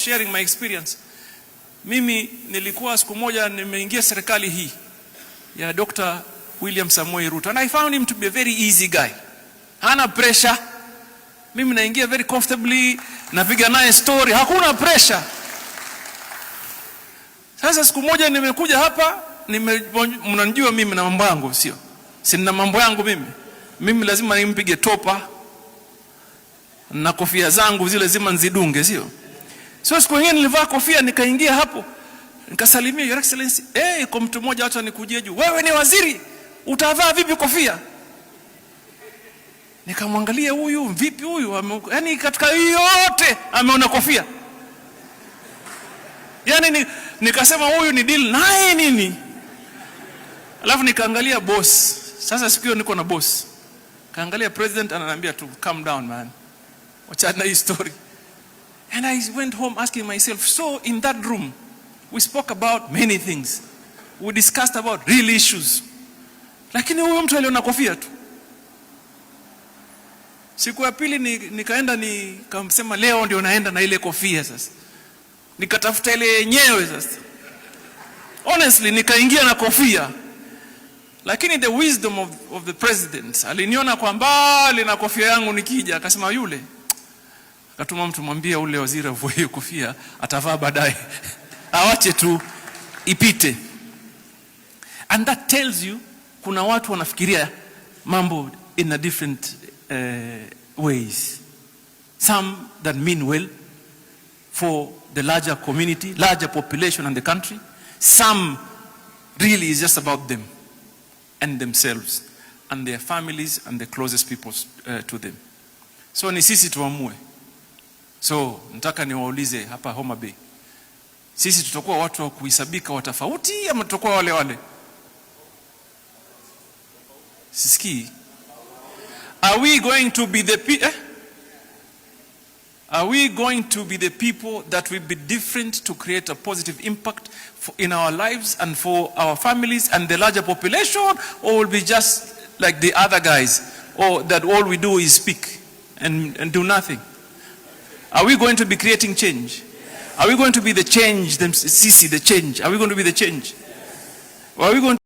Sharing my experience. Mimi nilikuwa siku moja nimeingia serikali hii ya Dr. William Samoei Ruto and I found him to be a very easy guy. Hana pressure. Mimi naingia very comfortably, napiga naye story, hakuna pressure. Sasa siku moja nimekuja hapa, nime mnanijua mimi na mambo yangu sio? Sina mambo yangu mimi. Mimi lazima nimpige topa na kofia zangu zile lazima nzidunge sio? Sio siku nyingine nilivaa kofia nikaingia hapo nikasalimia your excellency. Eh, kwa mtu mmoja watu nikujie juu, wewe ni waziri, utavaa vipi kofia? Nikamwangalia huyu, vipi huyu? Yaani katika yote ameona kofia. Yaani ni, nikasema huyu ni deal naye nini? Alafu nikaangalia boss. Sasa siku hiyo niko na boss. Kaangalia president ananiambia tu, calm down man. Wachana hii story. And I went home asking myself, so in that room, we spoke about many things. We discussed about real issues. Lakini huyo mtu aliona kofia tu. Siku ya pili nikaenda ni nikamsema leo ndio naenda na ile kofia sasa. Nikatafuta ile yenyewe sasa. Honestly, nikaingia na kofia. Lakini the wisdom of, of the president aliniona kwa mbali na kofia yangu nikija akasema yule katuma mtu mwambie ule waziri avue kufia atavaa baadaye awache tu ipite. And that tells you kuna watu wanafikiria mambo in a different uh, ways some that mean well for the larger community, larger population and the country. Some really is just about them and themselves and their families and the closest people uh, eh, to them. So ni sisi tuamue. So nataka niwaulize hapa Homa Bay, sisi tutakuwa watu wa kuhesabika wa tofauti ama tutakuwa wale wale? Sisikii. Are we going to be the people eh? Are we going to be the people that will be different to create a positive impact for, in our lives and for our families and the larger population or will be just like the other guys or that all we do is speak and, and do nothing? Are we going to be creating change? Are we going to be the change, the, CC, the change? Are we going to be the change? Are we going to